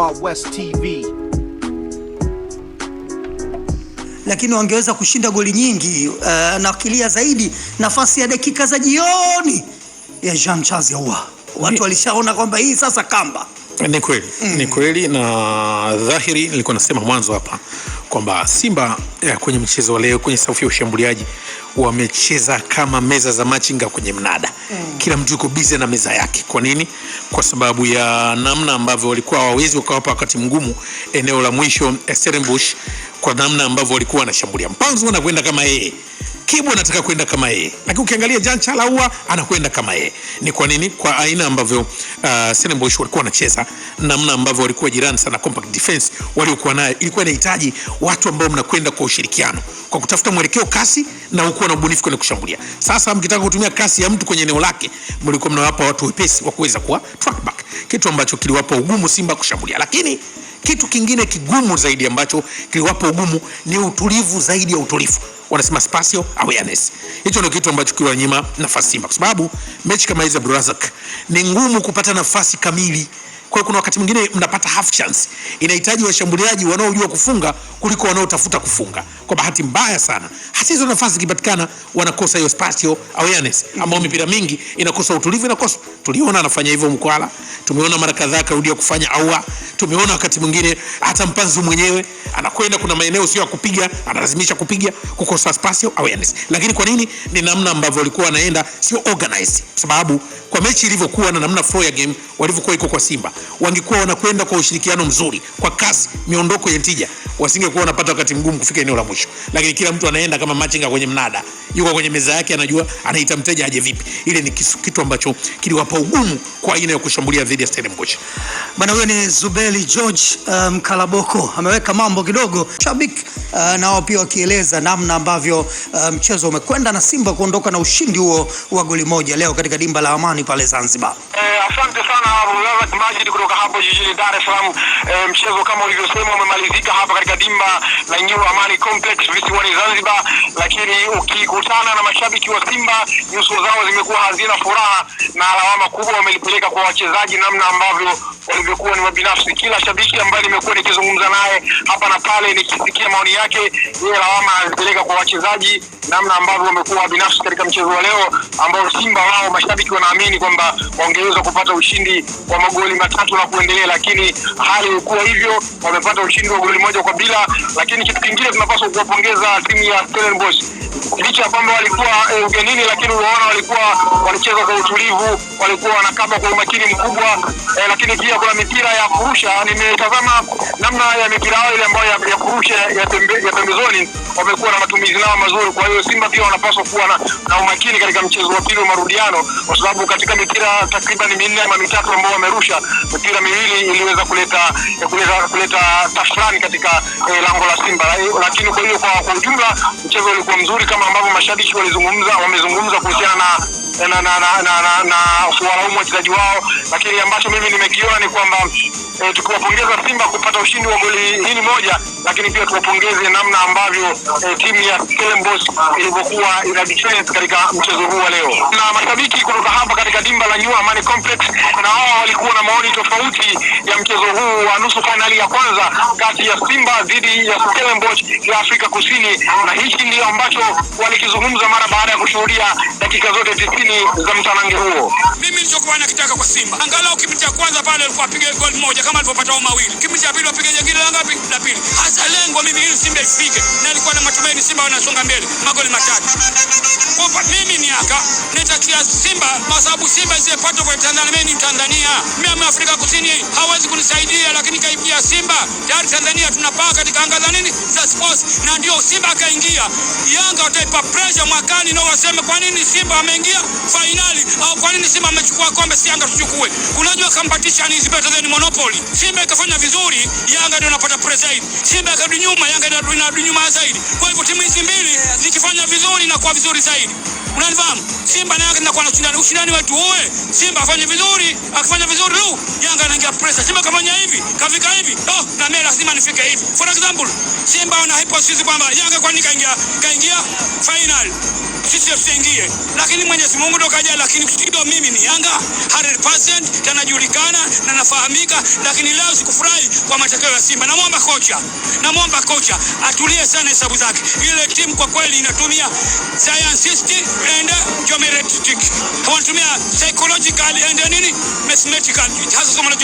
Wild West TV. Lakini wangeweza kushinda goli nyingi uh, na zaidi nafasi ya dakika za jioni ya Jean Charles Ahoua, watu walishaona kwamba hii sasa kamba ni kweli mm. Ni kweli na dhahiri, nilikuwa nasema mwanzo hapa kwamba Simba eh, kwenye mchezo wa leo kwenye safu ya ushambuliaji wamecheza kama meza za machinga kwenye mnada mm. Kila mtu yuko busy na meza yake. Kwa nini? Kwa sababu ya namna ambavyo walikuwa hawawezi wakawapa wakati mgumu eneo la mwisho Stellenbosch kwa namna ambavyo walikuwa wanashambulia. Mpanzu anakwenda kama yeye, Kibu anataka kwenda kama yeye, lakini ukiangalia Jancha Laua anakwenda kama yeye. Ni kwa nini? Kwa aina ambavyo uh, Stellenbosch walikuwa wanacheza, namna ambavyo walikuwa jirani sana, compact defense waliokuwa nayo, ilikuwa inahitaji watu ambao mnakwenda kwa ushirikiano, kwa kutafuta mwelekeo, kasi na ukuwa na ubunifu kwenye kushambulia. Sasa mkitaka kutumia kasi ya mtu kwenye eneo lake, mlikuwa mnawapa watu wepesi wa kuweza kuwa track back, kitu ambacho kiliwapa ugumu Simba kushambulia, lakini kitu kingine kigumu zaidi ambacho kiliwapa ugumu ni utulivu zaidi ya utulivu, wanasema spatial awareness. Hicho ndio kitu ambacho kiliwanyima nafasi Simba, kwa sababu mechi kama hizi za Abdulrazak ni ngumu kupata nafasi kamili. Kwa hiyo kuna wakati mwingine mnapata half chance, inahitaji washambuliaji wanaojua kufunga kuliko wanaotafuta kufunga kwa bahati mbaya sana, hasa hizo nafasi zikipatikana wanakosa hiyo spatio awareness, ambao mm-hmm. mipira mingi inakosa utulivu, inakosa. Tuliona anafanya hivyo Mkwala, tumeona mara kadhaa karudia kufanya aua, tumeona wakati mwingine hata mpanzu mwenyewe anakwenda, kuna maeneo sio ya kupiga, analazimisha kupiga, kukosa spatio awareness. Lakini kwa nini? Ni namna ambavyo walikuwa wanaenda sio organized, kwa sababu kwa mechi ilivyokuwa na namna flow ya game walivyokuwa iko kwa Simba, wangekuwa wanakwenda kwa ushirikiano mzuri, kwa kasi, miondoko ya tija, wasingekuwa wanapata wakati mgumu kufika eneo la mwisho kesho, lakini kila mtu anaenda kama machinga kwenye mnada, yuko kwenye meza yake, anajua anaita mteja aje vipi. Ile ni kisu, kitu ambacho kiliwapa ugumu kwa aina ya kushambulia dhidi ya Stellenbosch. Bana, huyo ni Zubeli George Mkalaboko, um, ameweka mambo kidogo shabiki uh, nao pia wakieleza namna ambavyo uh, mchezo um, umekwenda na Simba kuondoka na ushindi huo wa goli moja leo katika dimba la Amani pale Zanzibar. Eh, asante sana Majid kutoka hapo jijini Dar es Salaam. Eh, mchezo kama ulivyosema umemalizika hapa katika dimba la Nyiro Amani Complex. Serengeti visiwani Zanzibar, lakini ukikutana na mashabiki wa Simba nyuso zao zimekuwa hazina furaha, na lawama kubwa wamelipeleka kwa wachezaji namna ambavyo walivyokuwa ni wabinafsi. Kila shabiki ambaye nimekuwa nikizungumza naye hapa na pale, nikisikia maoni yake, yeye lawama anazipeleka kwa wachezaji, namna ambavyo wamekuwa wabinafsi katika mchezo wa leo ambao Simba wao mashabiki wanaamini kwamba wangeweza kupata ushindi wa magoli matatu na kuendelea, lakini hali ilikuwa hivyo, wamepata ushindi wa goli moja kwa bila. Lakini kitu kingine tunapaswa kuwapongeza timu ya Stellenbosch licha ya kwamba walikuwa e, ugenini, lakini unaona walikuwa walicheza kwa utulivu, walikuwa wanakaba kwa umakini mkubwa e, lakini pia kuna mipira ya kurusha. Nimetazama namna ya mipira yao ile ambayo ya kurusha ya pembezoni, wamekuwa na matumizi nao mazuri. Kwa hiyo Simba pia wanapaswa kuwa na, na umakini katika mchezo wa pili wa marudiano, kwa sababu katika mipira takriban minne ama mitatu ambao wamerusha, mipira miwili iliweza kuleta kuleta, kuleta tafrani katika eh, lango la Simba. Lakini kwa hiyo kwa, kwa ujumla mchezo ulikuwa mzuri kama ambavyo mashabiki walizungumza wamezungumza kuhusiana na na na na, na, na kuwalaumu wachezaji wao, lakini ambacho mimi nimekiona ni kwamba e, tukiwapongeza Simba kupata ushindi wa goli hili moja, lakini pia tuwapongeze namna ambavyo e, timu ya Stellenbosch ilivyokuwa ina defense katika mchezo huu wa leo. Na mashabiki kutoka hapa katika dimba la New Amani Complex, na wao walikuwa na maoni tofauti ya mchezo huu wa nusu fainali ya kwanza kati ya Simba dhidi ya Stellenbosch ya Afrika Kusini, na hichi ndio ambacho walikizungumza mara baada ya kushuhudia dakika zote 90 gani za mtanange huo? Mimi nilichokuwa nakitaka kwa Simba, angalau kipindi cha kwanza pale alikuwa apiga goli moja kama alipopata au mawili, kipindi cha pili wapige jingine la ngapi? La pili. Hasa lengo mimi ili Simba ifike, na nilikuwa na matumaini Simba wanasonga mbele magoli matatu. Kwa mimi ni aka nitatia Simba kwa sababu Simba isipatwe kwa Tanzania, mimi ni Mtanzania, mimi Afrika Kusini hawezi kunisaidia, lakini kaibia Simba tayari. Tanzania tunapaa katika anga za nini za sports, na ndio Simba akaingia. Yanga wataipa pressure mwakani na waseme kwa nini Simba ameingia fainali au kwa nini Simba amechukua kombe, si Yanga tuchukue? Unajua kampatisha ni Simba tazeni monopoli. Simba ikafanya vizuri, Yanga ndio anapata pressure Simba akarudi nyuma, Yanga ndio anarudi nyuma zaidi. Kwa hivyo timu hizi mbili zikifanya vizuri na kwa vizuri zaidi, unanifahamu? Simba na Yanga inakuwa na ushindani, ushindani wetu uwe Simba afanye vizuri, akifanya vizuri tu Yanga anapiga pressure. Simba kafanya hivi, kafika hivi. Oh, na mimi lazima nifike hivi. For example, Simba wana hypothesis kwamba Yanga kwa nini kaingia kaingia final. Sisi tusiingie. Lakini Mwenyezi Mungu ndo kaja, lakini kidogo mimi ni Yanga 100% tanajulikana na nafahamika, lakini leo sikufurahi kwa matokeo ya Simba. Namwomba kocha, namwomba kocha atulie sana hesabu zake. Ile timu kwa kweli inatumia scientist and geometric. Wanatumia psychological and nini? mathematical. Hasa somo la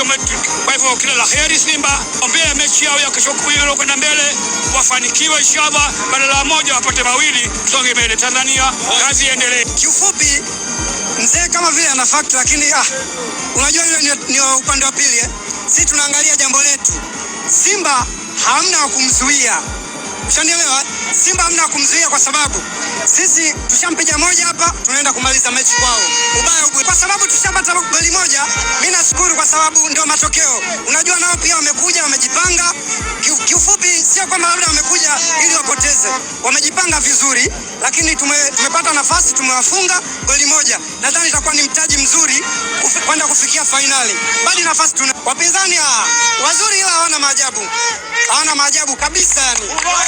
kwa hivyo kila la heri Simba, ombea mechi yao ya kesho kwenda mbele, wafanikiwe inshallah, badala moja wapate mawili, tusonge mbele Tanzania, kazi iendelee. Kiufupi mzee kama vile ana fact, lakini ah, unajua hilo ni upande wa pili eh. Sisi tunaangalia jambo letu, Simba hamna wa kumzuia Ushanielewa? Simba hamna kumzuia kwa sababu sisi tushampiga moja hapa, tunaenda kumaliza mechi kwao. Ubaya ubu. Kwa sababu tushapata goli moja, mimi nashukuru kwa sababu ndio matokeo. Unajua nao pia wamekuja wamejipanga. Kiufupi sio kwamba labda wamekuja ili wapoteze. Wamejipanga vizuri, lakini tume, tumepata nafasi tumewafunga goli moja. Nadhani itakuwa ni mtaji mzuri kwenda kufi, kufikia finali. Bali nafasi tuna. Wapinzani wazuri ila hawana maajabu. Hawana maajabu kabisa yani.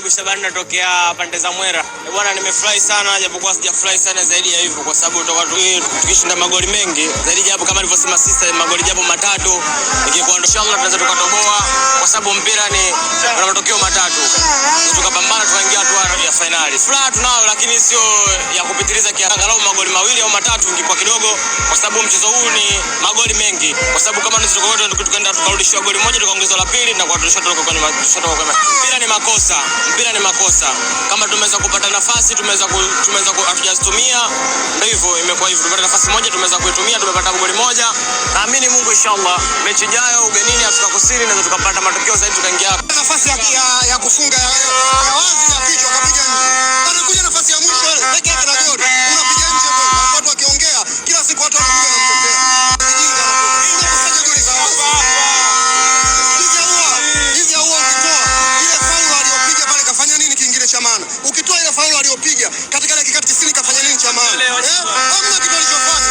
Shebu Shabani natokea pande za Mwera. E bwana, nimefurahi sana japokuwa sijafurahi sana zaidi ya hivyo, kwa sababu tutakuwa eh, tukishinda magoli mengi zaidi, japo kama alivyosema sister, magoli japo matatu, ikikuwa inshallah tunaweza tukatoboa, kwa sababu mpira ni una matokeo matatu, tukapambana tukaingia hatua ya finali. Furaha tunao, lakini sio ya kupitiliza kiasi, angalau magoli mawili au matatu ingekuwa kidogo, kwa sababu mchezo huu ni magoli mengi, kwa sababu kama tukaenda tukarudishiwa goli moja tukaongezwa la pili na kwa tulishotoka kwa mpira ni makosa mpira ni makosa. Kama tumeweza kupata nafasi tumeweza tumeweza ku, ndio hivyo, imekuwa hivyo. Tumepata nafasi moja tumeweza kuitumia, tumepata goli moja. Naamini Mungu inshallah, mechi ijayo ugenini Afrika Kusini na tukapata matokeo zaidi tukaingia nafasi ya, ya, ya kufunga ya, ya wazi ya kichwa kapiga nje. Anakuja nafasi ya mwisho peke yake na goli. Unapiga nje, watu wakiongea kila siku watu wanapiga aliyopiga katika dakika 90 kafanya nini cha maana? Eh? Hamna kitu alichofanya.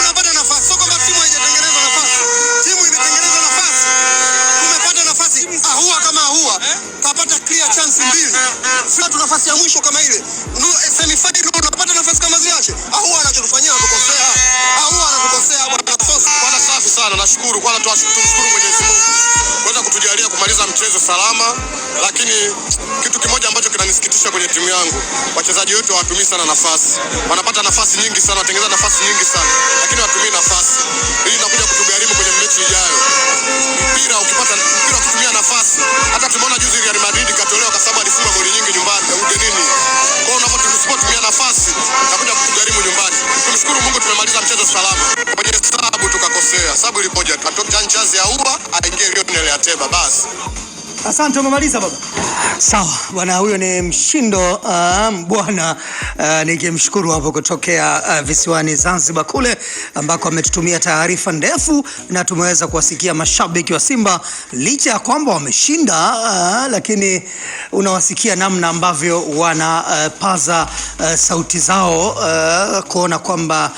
Unapata nafasi, sio kwamba timu haijatengeneza nafasi. Timu imetengeneza nafasi, tumepata nafasi ahua kama ahua, eh? kapata clear chance mbili ah, ah, ah. Sio tu nafasi ya mwisho kama ile no eh, semi final, unapata nafasi kama ziache. Ahua anachotufanyia anakosea, ahua anakukosea bwana. Bwana safi sana, nashukuru kwanza, tuwashukuru Mwenyezi Mungu tumejalia kumaliza mchezo salama, lakini kitu kimoja ambacho kinanisikitisha kwenye timu yangu, wachezaji wetu hawatumii sana nafasi. Wanapata nafasi nyingi sana, wanatengeneza nafasi nyingi sana, lakini hawatumii nafasi. Hii inakuja kutugharimu kwenye mechi ijayo. Mpira ukipata mpira ukitumia nafasi, hata tumeona juzi kwa sababu ilipoja tukatoka chance ya Uba aingie Lionel teba basi. Asante, umemaliza baba. Sawa bwana, huyo ni Mshindo um, uh, bwana uh, nikimshukuru hapo kutokea uh, visiwani Zanzibar kule ambako ametutumia taarifa ndefu na tumeweza kuwasikia mashabiki wa Simba licha ya kwamba wameshinda, uh, lakini unawasikia namna ambavyo wanapaza uh, uh, sauti zao uh, kuona kwamba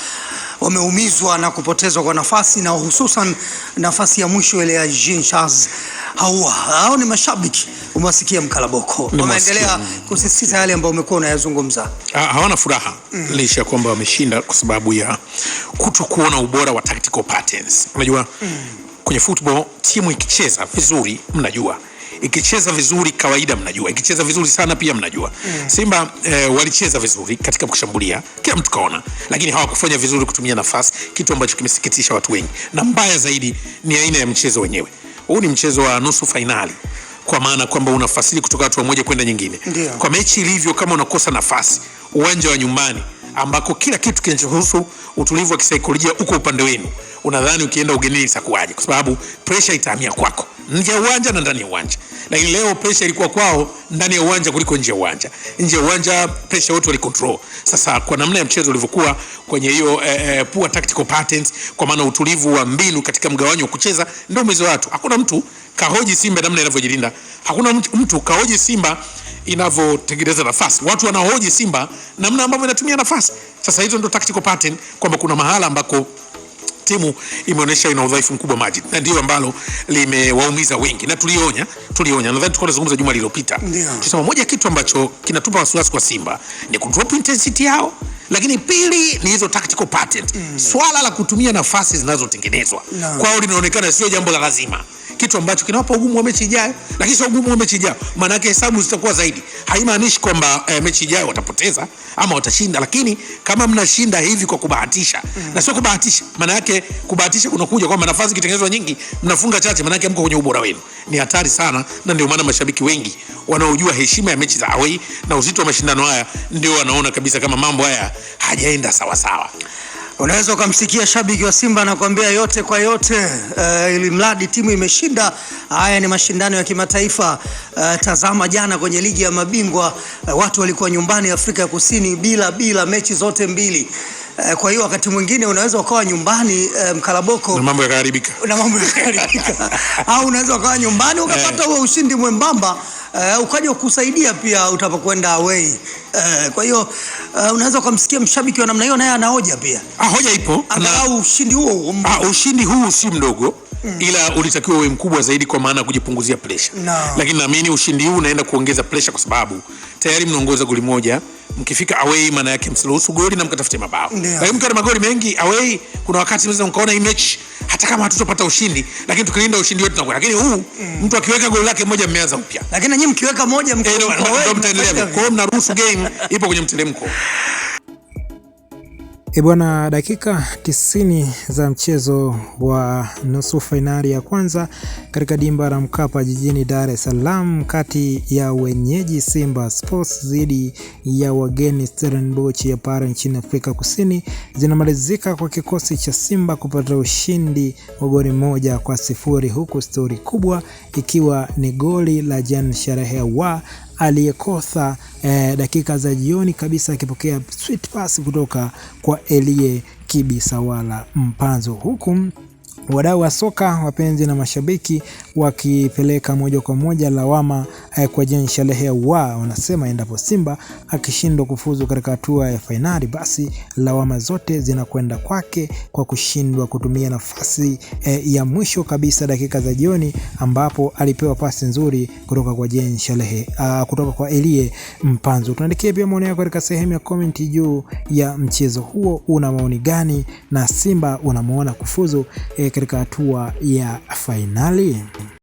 wameumizwa na kupotezwa kwa nafasi na hususan nafasi ya mwisho ile ya Jean Charles Ahoua. Hao ni mashabiki, umewasikia mkalaboko, wameendelea kusisitiza yale ambayo umekuwa unayazungumza. Ah, hawana furaha mm, licha ya kwamba wameshinda kwa sababu ya kutokuona ubora wa tactical patterns. Unajua mm, kwenye football timu ikicheza vizuri, mnajua ikicheza vizuri kawaida mnajua, ikicheza vizuri sana pia mnajua mm. Simba e, walicheza vizuri katika kushambulia, kila mtu kaona, lakini hawakufanya vizuri kutumia nafasi, kitu ambacho kimesikitisha watu wengi, na mbaya zaidi ni aina ya mchezo wenyewe. Huu ni mchezo wa nusu fainali kwa maana kwamba unafasili kutoka hatua moja kwenda nyingine. Ndiyo. Kwa mechi ilivyo, kama unakosa nafasi uwanja wa nyumbani ambako kila kitu kinachohusu utulivu wa kisaikolojia uko upande wenu unadhani ukienda ugenini itakuwaje? Kwa sababu presha itahamia kwako nje ya uwanja na ndani ya uwanja. Lakini leo presha ilikuwa kwao ndani ya uwanja kuliko nje ya uwanja. Nje ya uwanja presha wote walicontrol. Sasa kwa namna ya mchezo ulivyokuwa kwenye hiyo eh, eh, poor tactical patterns, kwa maana utulivu wa mbinu katika mgawanyo wa kucheza, ndio mwezo watu. Hakuna mtu kahoji Simba namna inavyojilinda, hakuna mtu kahoji Simba inavyotengeneza nafasi. Watu wanahoji Simba namna ambavyo inatumia nafasi. Sasa hizo ndio tactical pattern, kwamba kuna mahala ambako timu imeonyesha ina udhaifu mkubwa maji na ndio ambalo limewaumiza wengi, na tulionya, tulionya, nadhani tulikuwa tunazungumza juma lililopita, yeah. Tusema moja kitu ambacho kinatupa wasiwasi kwa Simba ni ku drop intensity yao lakini pili ni hizo tactical patent mm. Swala la kutumia nafasi zinazotengenezwa no. Kwao linaonekana sio jambo la lazima kitu ambacho kinawapa ugumu wa mechi ijayo, Lakini sio ugumu wa mechi ijayo, maana yake hesabu zitakuwa zaidi. Haimaanishi kwamba eh, mechi ijayo watapoteza ama watashinda, lakini kama mnashinda hivi kwa kubahatisha mm. na sio kubahatisha, maana yake kubahatisha kunakuja kwamba nafasi kitengenezwa nyingi mnafunga chache, maana yake mko kwenye ubora wenu. Ni hatari sana, na ndio maana mashabiki wengi wanaojua heshima ya mechi za away na uzito wa mashindano haya ndio wanaona kabisa kama mambo haya hajaenda sawasawa. Unaweza ukamsikia shabiki wa Simba anakuambia yote kwa yote, uh, ili mradi timu imeshinda. Haya ni mashindano ya kimataifa. Uh, tazama jana kwenye ligi ya mabingwa uh, watu walikuwa nyumbani Afrika ya Kusini bila bila mechi zote mbili. Uh, kwa hiyo wakati mwingine unaweza ukawa nyumbani uh, mkalaboko na mambo yakaharibika na mambo yakaharibika au unaweza ukawa nyumbani ukapata huo ushindi mwembamba uh, ukaja kukusaidia pia utapokwenda away. Uh, kwa hiyo uh, unaweza ukamsikia mshabiki wa namna hiyo naye anahoja pia. Ah, hoja ipo. Angalau ushindi huo ah, ushindi huu si mdogo Mm. Ila ulitakiwa uwe mkubwa zaidi kwa maana ya kujipunguzia presha no. Lakini naamini ushindi huu unaenda kuongeza presha kwa sababu tayari mnaongoza goli moja, mkifika away maana yake msiruhusu goli na mkatafute mabao, lakini mkiwa na magoli mengi away, kuna wakati mkaona hii mechi hata kama hatutopata ushindi, lakini tukilinda ushindi wetu tunakuwa. Lakini huu mtu akiweka goli lake moja, mmeanza upya. Lakini nyinyi mkiweka moja, eh, mtaendelea. Kwa hiyo mnaruhusu game ipo kwenye mteremko. Eh, bwana, dakika 90 za mchezo wa nusu fainali ya kwanza katika dimba la Mkapa jijini Dar es Salaam kati ya wenyeji Simba Sports dhidi ya wageni Stellenbosch ya pare nchini Afrika Kusini zinamalizika kwa kikosi cha Simba kupata ushindi wa goli moja kwa sifuri huku stori kubwa ikiwa ni goli la Jean Charehwa aliyekosa eh, dakika za jioni kabisa, akipokea sweet pass kutoka kwa Elie Kibisawala Mpanzu, huku wadau wa soka, wapenzi na mashabiki wakipeleka moja kwa moja lawama eh, kwa Jean Shalehe wa wanasema, endapo Simba akishindwa kufuzu katika hatua ya fainali, basi lawama zote zinakwenda kwake kwa kushindwa kutumia nafasi eh, ya mwisho kabisa dakika za jioni, ambapo alipewa pasi nzuri kutoka kwa Jean Shalehe, ah, kutoka kwa Elie Mpanzu. Tuandikie pia maoni yako katika sehemu ya komenti juu ya mchezo huo, una maoni gani na Simba unamuona kufuzu eh, katika hatua ya fainali?